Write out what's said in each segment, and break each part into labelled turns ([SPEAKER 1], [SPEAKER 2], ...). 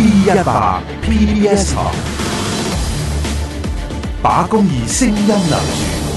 [SPEAKER 1] P 一百 PBS 台，啊，把公義聲音留住。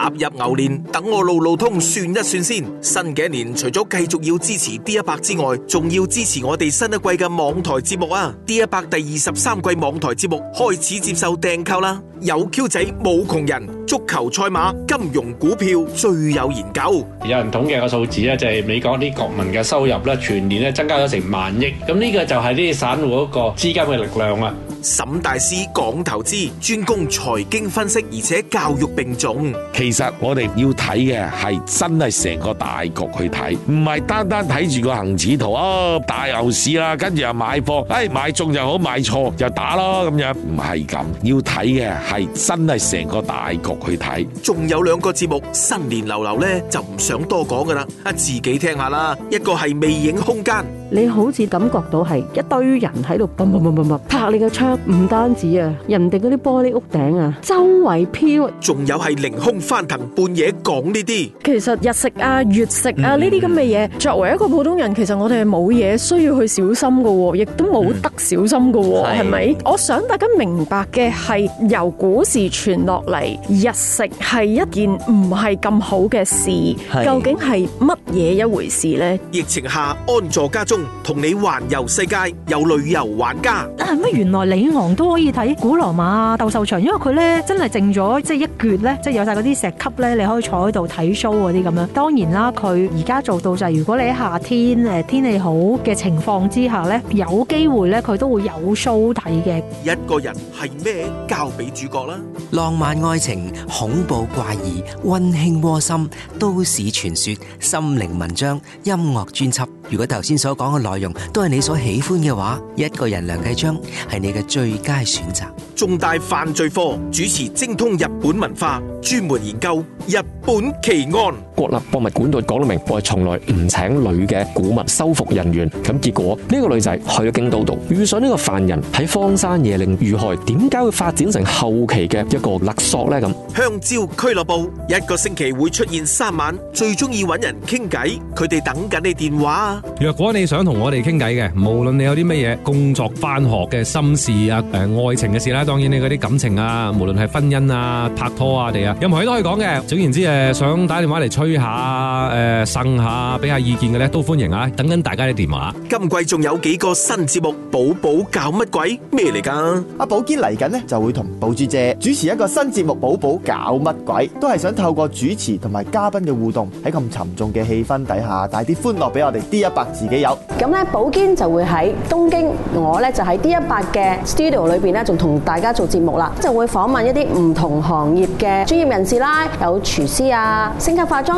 [SPEAKER 2] 踏入牛年，等我路路通算一算先。新嘅一年，除咗繼續要支持 D 一百之外，仲要支持我哋新一季嘅網台節目啊！D 一百第二十三季網台節目開始接受訂購啦！有 Q 仔，冇窮人。足球、賽馬、金融、股票，最有研究。有人統計個數字咧，就係美國啲國民嘅收入咧，全年咧增加咗成萬億。咁呢個就係呢啲散戶嗰個資金嘅力量啊！沈大師講投資，專攻財經分析，而且教育並重。其實我哋要睇嘅係真係成個大局去睇，唔係單單睇住個恆指圖哦，大牛市啦，跟住又買貨，哎，買中又好，買錯又打咯咁樣，唔係咁。要睇嘅係真係成個大局去睇。仲有兩個節目，新年流流呢，就唔想多講噶啦，自己聽下啦。一個係魅影空間。
[SPEAKER 3] 你好似感覺到係一堆人喺度砰砰砰砰砰拍你個窗，唔單止啊，人哋嗰啲玻璃屋頂啊，周圍飄，
[SPEAKER 2] 仲有係凌空翻騰，半夜講呢啲。
[SPEAKER 3] 其實日食啊、月食啊呢啲咁嘅嘢，作為一個普通人，其實我哋係冇嘢需要去小心㗎，亦都冇得小心㗎，係咪？我想大家明白嘅係由古時傳落嚟日食係一件唔係咁好嘅事，嗯、究竟係乜嘢一回事呢？
[SPEAKER 2] 疫情下安坐家中。同你環遊世界，有旅遊玩
[SPEAKER 3] 家乜？原來里昂都可以睇古羅馬啊，鬥獸場，因為佢咧真係淨咗，即係一橛咧，即係有晒嗰啲石級咧，你可以坐喺度睇 show 嗰啲咁樣。當然啦，佢而家做到就係，如果你喺夏天誒天氣好嘅情況之下咧，有機會咧佢都會有 show 睇嘅。
[SPEAKER 2] 一個人係咩？交俾主角啦。浪漫愛情、恐怖怪異、溫馨窩心、都市傳說、心靈文章、音樂專輯。如果頭先所講。嘅內容都係你所喜歡嘅話，一個人梁繼昌係你嘅最佳選擇。重大犯罪科主持，精通日本文化，專門研究日本奇案。國立博物館度講到明，我係從來唔請女嘅古物修復人員。咁結果呢個女仔去咗京都度，遇上呢個犯人喺荒山野嶺遇害，點解會發展成後期嘅一個勒索呢？咁香蕉俱樂部一個星期會出現三晚，最中意揾人傾偈，佢哋等緊你電話啊！若果你想同我哋傾偈嘅，無論你有啲乜嘢工作、返學嘅心事啊，誒、呃，愛情嘅事啦，當然你嗰啲感情啊，無論係婚姻啊、拍拖啊哋啊，任何都可以講嘅。總言之，誒，想打電話嚟催。追下誒，生下俾下意見嘅咧，都歡迎啊！等緊大家嘅電話。今季仲有幾個新節目，寶寶搞乜鬼咩嚟噶？阿寶堅嚟緊咧，就會同寶珠姐主持一個新節目《寶寶搞乜鬼》，都係想透過主持同埋嘉賓嘅互動，喺咁沉重嘅氣氛底下，帶啲歡樂俾我哋 D 一百自己有。
[SPEAKER 3] 咁咧，寶堅就會喺東京，我咧就喺 D 一百嘅 studio 裏邊咧，仲同大家做節目啦，就會訪問一啲唔同行業嘅專業人士啦，有廚師啊，星級化妝。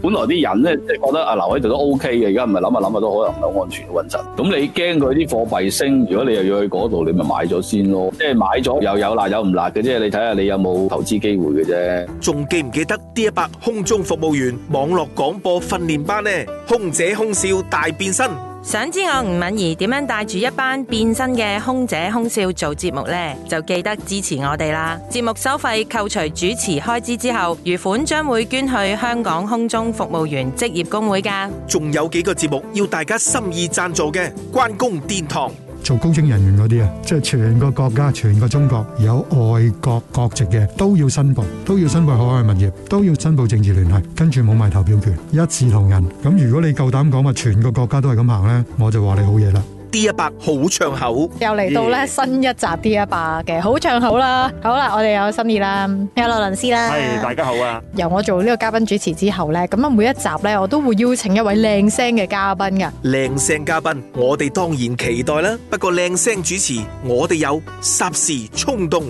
[SPEAKER 2] 本來啲人咧，即係覺得啊留喺度都 O K 嘅，而家唔係諗下諗下都可能唔係好安全穩陣。咁你驚佢啲貨幣升，如果你又要去嗰度，你咪買咗先咯。即係買咗又有辣有唔辣嘅啫，你睇下你有冇投資機會嘅啫。仲記唔記得 D 一百空中服務員網絡廣播訓練班呢？空姐空少大變身。
[SPEAKER 3] 想知我吳敏儀點樣帶住一班變身嘅空姐空少做節目呢？就記得支持我哋啦！節目收費扣除主持開支之後，餘款將會捐去香港空中服務員職業工會噶。
[SPEAKER 2] 仲有幾個節目要大家心意贊助嘅，關公殿堂。做高精人員嗰啲
[SPEAKER 3] 啊，即係全個國家、全個中國有外國國籍嘅都要申報，都要申報海外物業，都要申報政治聯繫，跟住冇埋投票權，一視同仁。咁如果你夠膽講話全個國家都係咁行咧，我就話你好嘢啦。
[SPEAKER 2] D 一百好唱口，
[SPEAKER 3] 又嚟到咧 Yeah. 新一集 D 一百嘅好唱口啦！好啦，我哋有新意啦，有羅倫斯啦，係、hey, 大家好啊！由我做呢個嘉賓主持之後咧，咁啊每一集咧，我都會邀請一位靚聲嘅嘉賓噶。
[SPEAKER 2] 靚聲嘉賓，我哋當然期待啦。不過靚聲主持，我哋有霎時衝動，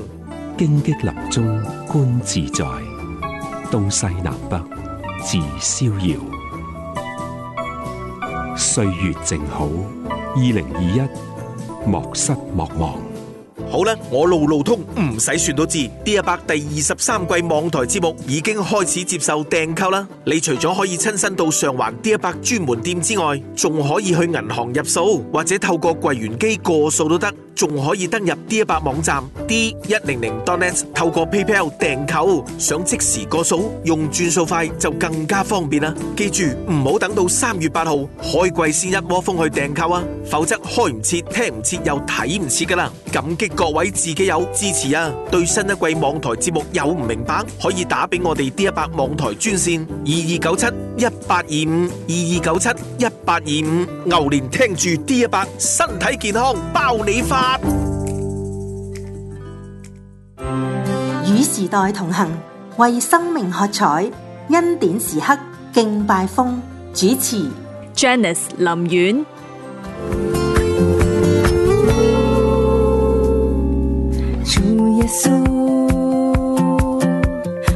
[SPEAKER 2] 荊棘林中觀自在，東西南北自逍遙，歲月正好。二零二一，2021，莫失莫忘。好啦，我路路通，唔使、嗯、算到字。D 一百第二十三季網台節目已經開始接受訂購啦。你除咗可以親身到上環 D 一百專門店之外，仲可以去銀行入數，或者透過櫃員機過數都得。仲可以登入 D 一百網站 d 一零零 dotnet，透過 paypal 訂購，想即時過數，用轉數快就更加方便啦。記住唔好等到三月八號開季先一窩蜂去訂購啊，否則開唔切聽唔切又睇唔切㗎啦。感激各位自己有支持啊！對新一季網台節目有唔明白，可以打俾我哋 D 一百網台專線二二九七一八二五二二九七一八二五。牛年聽住 D 一百，身體健康包你花。
[SPEAKER 3] 與時代同行，為生命喝彩，恩典時刻敬拜風。風主持：Janice 林苑。
[SPEAKER 4] 主耶穌，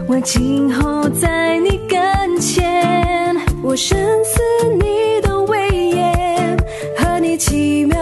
[SPEAKER 4] 我靜候在你跟前，我深思你的威嚴和你奇妙。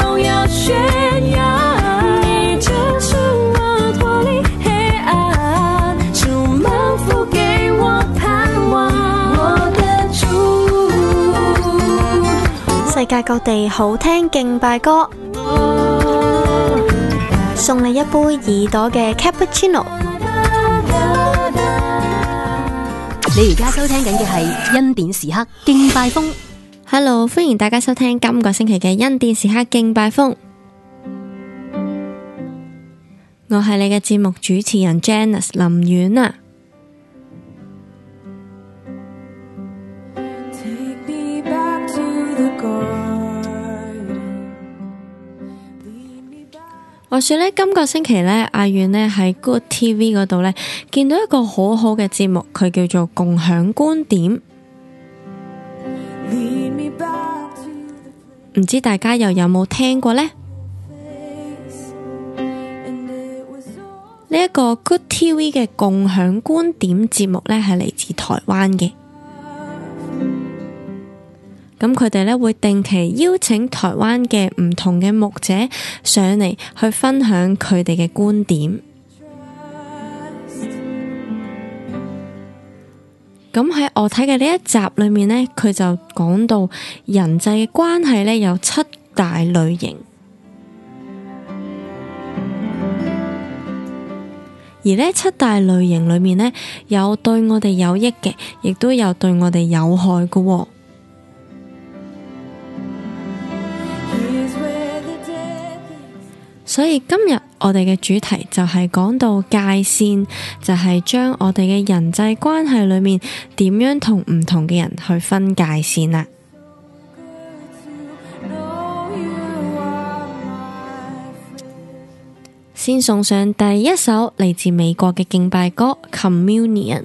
[SPEAKER 5] 世界各地好聽敬拜歌，送你一杯耳朵嘅 cappuccino。你而家收聽緊嘅係恩典時刻敬拜風。Hello，歡迎大家收聽今個星期嘅恩典時刻敬拜風。我係你嘅節目主持人 Janice 林苑啊。話說呢，今個星期呢，阿遠呢喺 Good TV 嗰度呢，見到一個好好嘅節目，佢叫做《共享觀點》，
[SPEAKER 4] 唔
[SPEAKER 5] 知大家又有冇聽過呢？呢一個 Good TV 嘅《共享觀點》節目呢，係嚟自台灣嘅。咁佢哋呢會定期邀請台灣嘅唔同嘅牧者上嚟去分享佢哋嘅觀點。咁喺我睇嘅呢一集裏面呢，佢就講到人際嘅關係呢有七大類型。而呢七大類型裏面呢，有對我哋有益嘅，亦都有對我哋有害嘅，哦。所以今日我哋嘅主題就係講到界線，就係、是、將我哋嘅人際關係裏面點樣不同唔同嘅人去分界線啦。So、先送上第一首嚟自美國嘅敬拜歌《Communion》。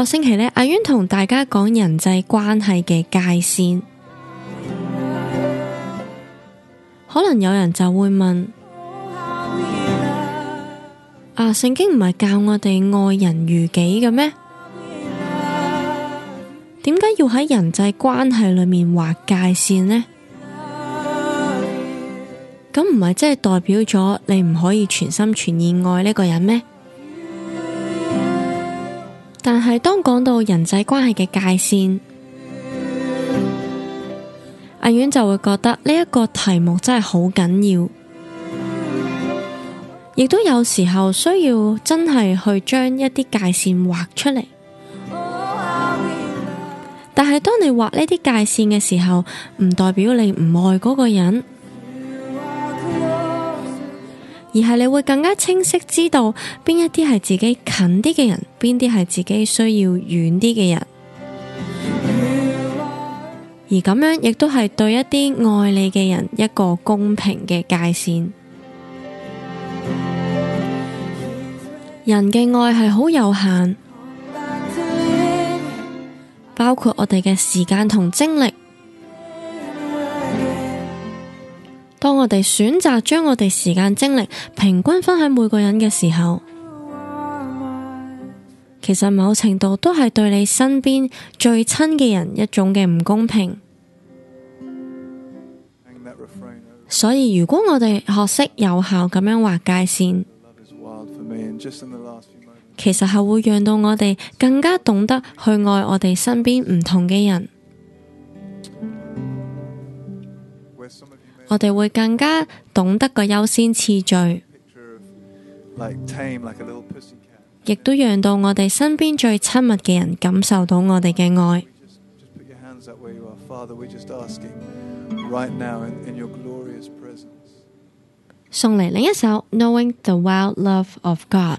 [SPEAKER 5] 個星期呢，阿淵同大家講人際關係嘅界綫，可能有人就會問：啊，聖經唔係教我哋愛人如己嘅咩？點解要喺人際關係裏面劃界綫呢？咁唔係即係代表咗你唔可以全心全意愛呢個人咩？但係當講到人際關係嘅界線，阿遠就會覺得呢一個題目真係好緊要，亦都有時候需要真係去將一啲界線畫出嚟。但係當你畫呢啲界線嘅時候，唔代表你唔愛嗰個人。而係你會更加清晰知道邊一啲係自己近啲嘅人，邊啲係自己需要遠啲嘅人。而咁樣亦都係對一啲愛你嘅人一個公平嘅界線。人嘅愛係好有限，包括我哋嘅時間同精力。當我哋選擇將我哋時間精力平均分喺每個人嘅時候，其實某程度都係對你身邊最親嘅人一種嘅唔公平。所以如果我哋學識有效咁樣劃界線，其實係會讓到我哋更加懂得去愛我哋身邊唔同嘅人。我哋會更加懂得個優先次序，亦都讓到我哋身邊最親密嘅人感受到我哋嘅愛。
[SPEAKER 6] 送嚟
[SPEAKER 5] 另一首《Knowing the Wild Love of God》。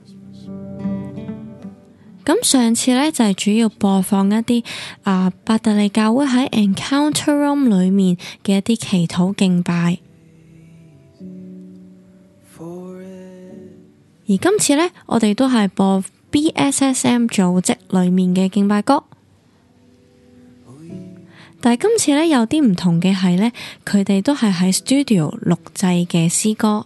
[SPEAKER 5] 咁上次呢，就係、是、主要播放一啲啊、呃、伯特利教會喺 Encounter Room 裏面嘅一啲祈禱敬拜，而今次呢，我哋都係播 BSSM 組織裏面嘅敬拜歌，但係今次呢，有啲唔同嘅係呢，佢哋都係喺 Studio 錄製嘅詩歌。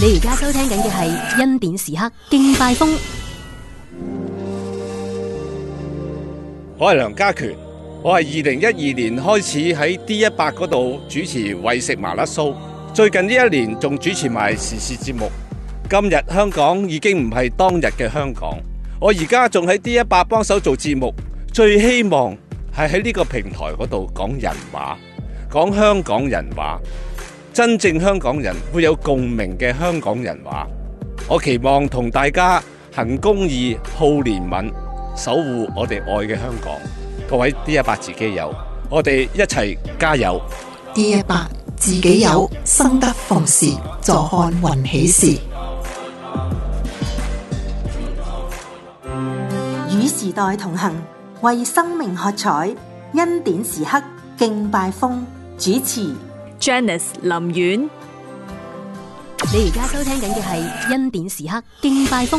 [SPEAKER 3] 你而家收聽緊嘅係《恩典時刻敬拜風》，
[SPEAKER 2] 我係梁家權，我係二零一二年開始喺 D 一百嗰度主持為食麻辣騷，最近呢一年仲主持埋時事節目。今日香港已經唔係當日嘅香港，我而家仲喺 D 一百幫手做節目，最希望係喺呢個平台嗰度講人話，講香港人話。真正香港人會有共鳴嘅香港人話，我期望同大家行公義、好憐憫、守護我哋愛嘅香港。各位 D100 自己友，我哋一齊加油
[SPEAKER 3] ！D100 自己友，生得逢時、坐看雲起時、與時代同行、為生命喝彩、恩典時刻敬拜風主持，Janice 林苑，你而家收聽緊嘅係《恩典時刻敬拜風》。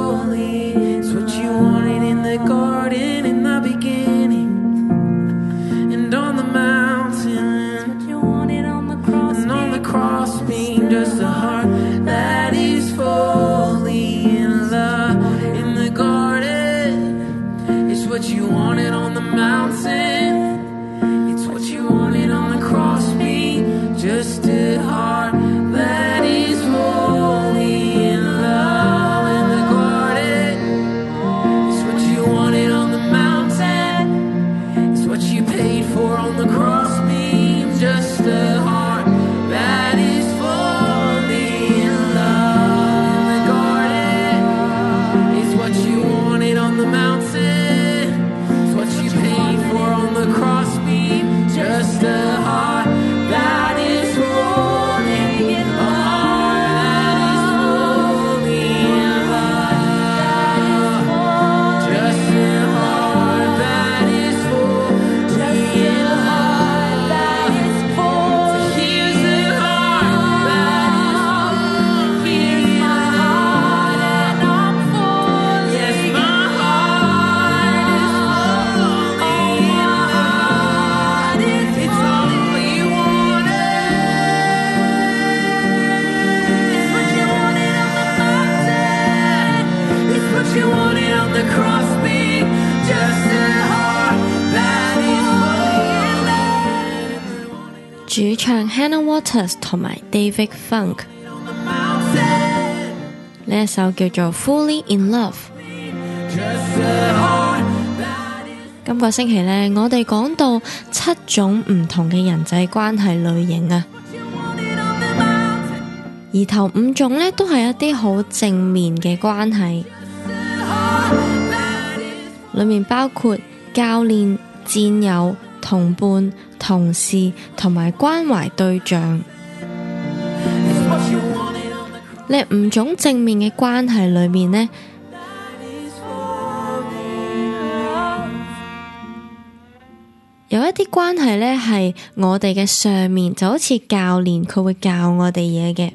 [SPEAKER 5] t 同埋 David Funk，呢岸一首叫做《Fully In Love》。 今個星期呢，我哋講到七種唔同嘅人際關係類型啊，而頭五種呢，都係一啲好正面嘅關係， 裏面包括教練、戰友、同伴，同事同埋關懷對象，呢五種正面嘅關係裏面呢，有一啲關係呢係我哋嘅上面，就好似教練佢會教我哋嘢嘅，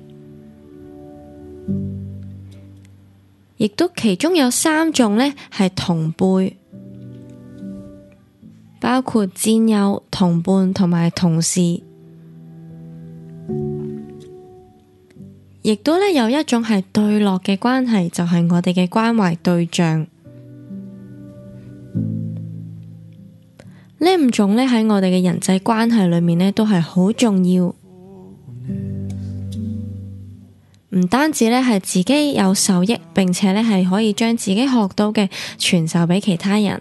[SPEAKER 5] 亦都其中有三種呢係同輩。包括戰友、同伴同埋同事，亦都咧有一種係對落嘅關係，就係我哋嘅關懷對象。呢五 種咧喺我哋嘅人際關係裏面咧都係好重要，唔單止咧係自己有受益，並且咧係可以將自己學到嘅傳授俾其他人。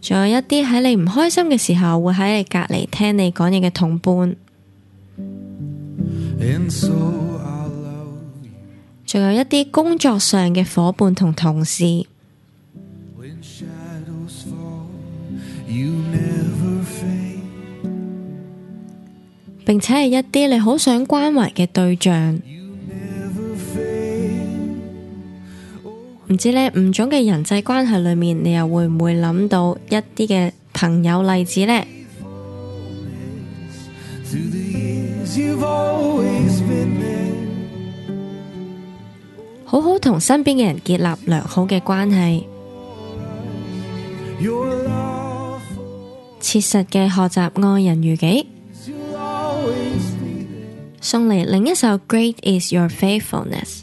[SPEAKER 5] 仲有一啲喺你唔開心嘅時候會喺你隔籬聽你講嘢嘅同伴，仲有一啲工作上嘅夥伴同同事，並且係一啲你好想關懷嘅對象。唔知呢五種嘅人際關係裏面，你又會唔會諗到一啲嘅朋友例子呢？好好同身邊嘅人建立良好嘅關係，切實嘅學習愛人如己。送嚟另一首《Great Is Your Faithfulness》。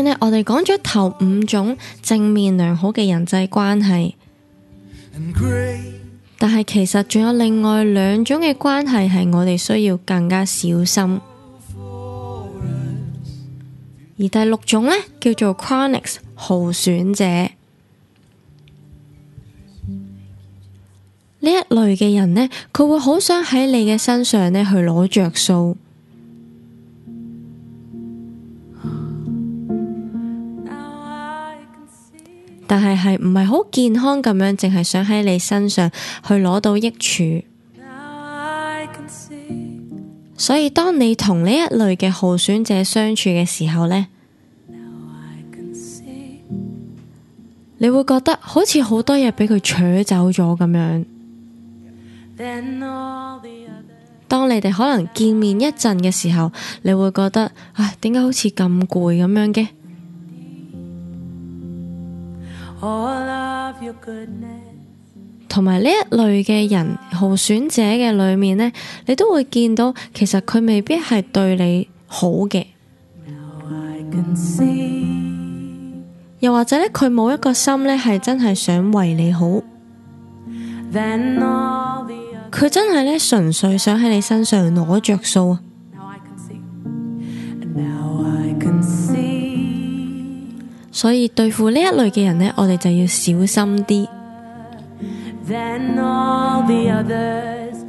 [SPEAKER 5] 先我哋講咗頭五種正面良好嘅人際關係，但係其實仲有另外兩種嘅關係係我哋需要更加小心。而第六種呢叫做 chronics 候選者，呢一類嘅人咧，佢會好想喺你嘅身上去攞着數。但係係唔係好健康咁樣，淨係想喺你身上去攞到益處。
[SPEAKER 4] See,
[SPEAKER 5] 所以當你同呢一類嘅候選者相處嘅時候呢，see, 你會覺得好似好多嘢俾佢取走咗咁樣。
[SPEAKER 4] Yeah.
[SPEAKER 5] 當你哋可能見面一陣嘅時候，你會覺得唉，點解好似咁攰咁樣嘅？同埋呢一類嘅人候選者嘅裏面呢，你都會見到，其實佢未必係對你好嘅，see, 又或者呢，佢冇一個心呢係真係想為你好，佢真係呢純粹想喺你身上攞着數。所以對付呢一類嘅人呢，我哋就要小心啲
[SPEAKER 4] ，others,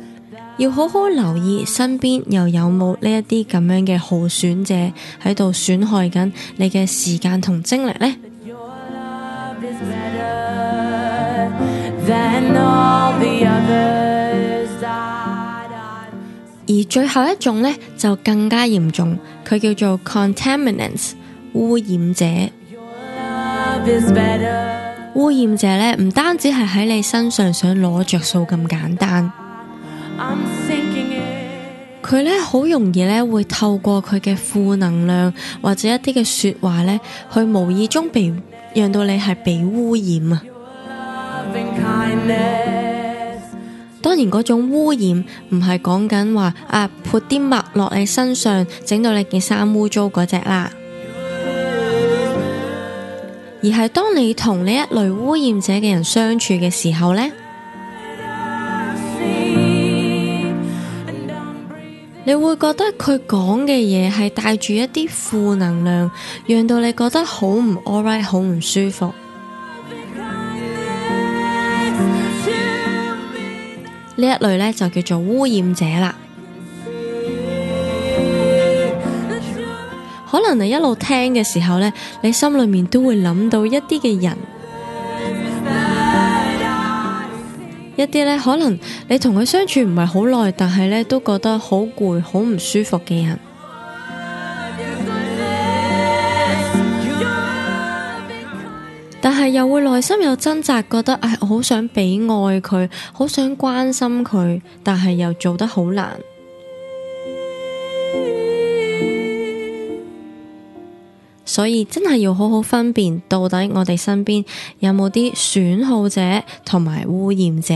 [SPEAKER 5] 要好好留意身邊又有冇呢一啲咁樣嘅耗損者喺度損害緊你嘅時間同精力
[SPEAKER 4] 呢。
[SPEAKER 5] 而最後一種呢，就更加嚴重，佢叫做 contaminants 污染者。This better, 污染者咧，唔單止係喺你身上想攞着數咁簡單，佢咧好容易咧會透過佢嘅負能量或者一啲嘅說話咧，去無意中被讓到你係被污染啊。loving kindness, 當然，嗰種污染唔係講緊話啊潑啲墨落你身上，整到你件衫污糟嗰隻啦。而係當你同呢一類污染者嘅人相處嘅時候呢，你會覺得佢講嘅嘢係帶住一啲負能量，讓到你覺得好唔 all right，好唔舒服。呢一類呢，就叫做污染者啦。可能你一路聽嘅時候呢，你心裏面都會諗到一啲嘅人，一啲呢，可能你同佢相處唔係好耐，但係呢，都覺得好攰，好唔舒服嘅人。You, you 但係又會內心有掙扎，覺得，哎，我好想俾愛佢，好想關心佢，但係又做得好難。所以真係要好好分辨，到底我哋身邊有冇啲損耗者同埋污染者。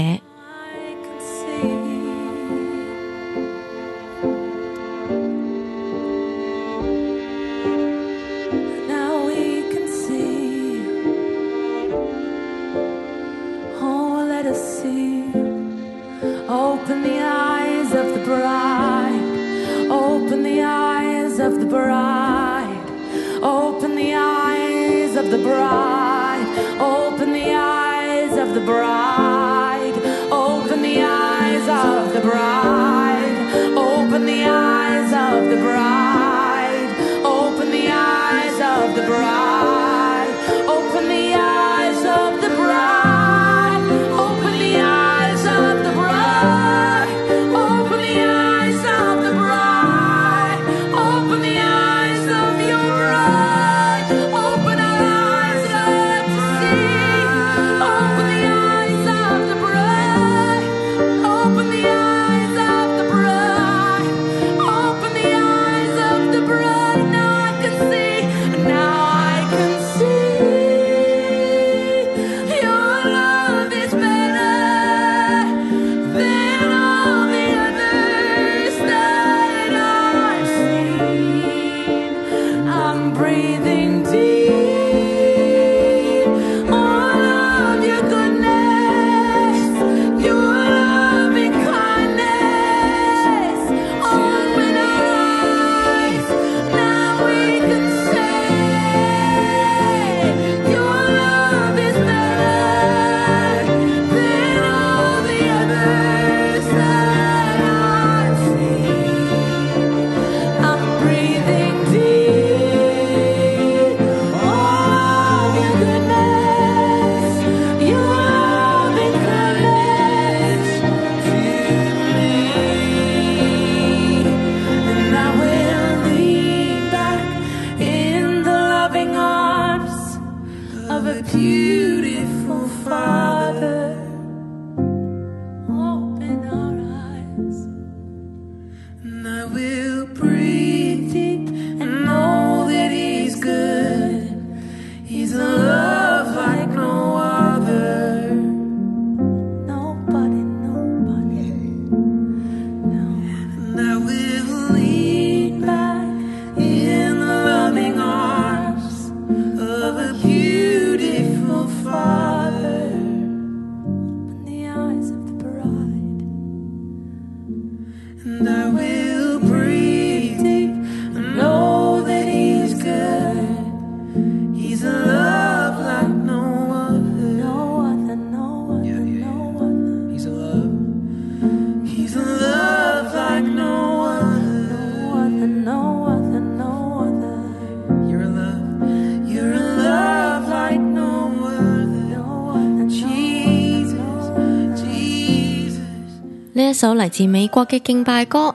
[SPEAKER 5] 首嚟自美國嘅敬拜歌，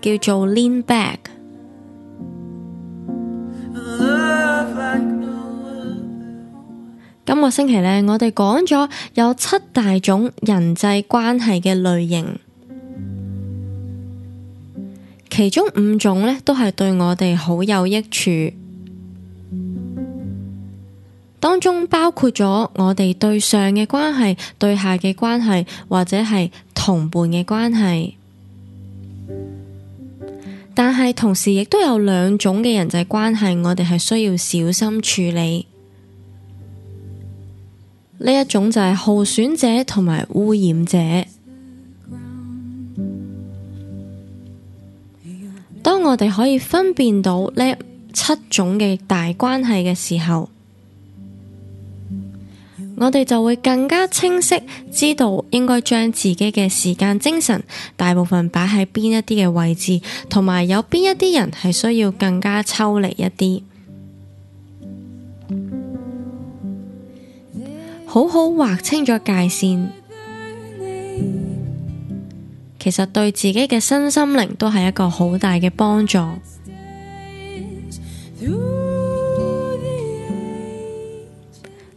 [SPEAKER 5] 叫做 Lean Back。今個星期呢，我哋講咗有七大種人際關係嘅類型，其中五種呢都係對我哋好有益處。當中包括咗我哋對上嘅關係、對下嘅關係，或者係同伴嘅關係。但係同時亦都有兩種嘅人際關係，我哋係需要小心處理。呢一種就係好選者同埋污染者。當我哋可以分辨到呢七種嘅大關係嘅時候。我哋就會更加清晰知道應該將自己嘅時間、精神大部分擺喺邊一啲嘅位置，同埋有邊一啲人係需要更加抽離一啲。好好劃清咗界綫，其實對自己嘅身心靈都係一個好大嘅幫助。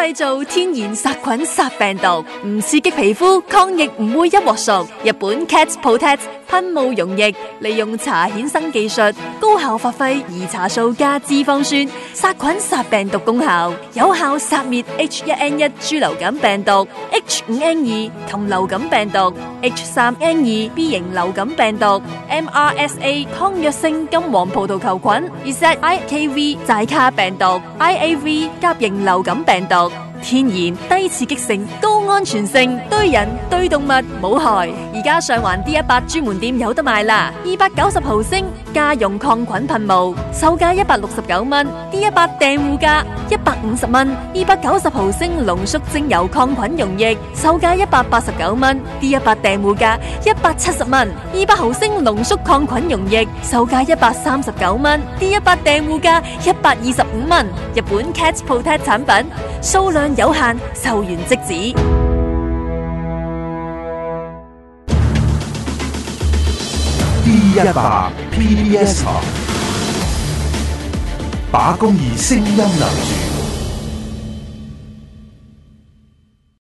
[SPEAKER 3] 製造天然殺菌、殺病毒，唔刺激皮膚，抗疫唔會一鑊熟。日本 Cat's Potato。噴霧溶液利用茶衍生技術，高效發揮兒茶素加脂肪酸殺菌殺病毒功效，有效殺滅 H 一 N 一豬流感病毒、H 五 N 二禽流感病毒、H 三 N 二 B 型流感病毒、MRSA 抗藥性金黃葡萄球菌，以及 IKV 寨卡病毒、IAV 甲型流感病毒。天然低刺激性高。安全性對人對動物冇害，而家上環 D 一百專門店有得賣啦。二百九十毫升家用抗菌噴霧，售價一百六十九蚊，D 一百訂戶價一百五十蚊。二百九十毫升濃縮精油抗菌溶液，售價一百八十九蚊，D 一百訂戶價一百七十蚊。二百毫升濃縮抗菌溶液，售價一百三十九蚊，D 一百訂戶價一百二十五蚊。日本 Catch Potato 產品，數量有限，售完即止。
[SPEAKER 1] P 一百 PBS 台，把公益聲音留住。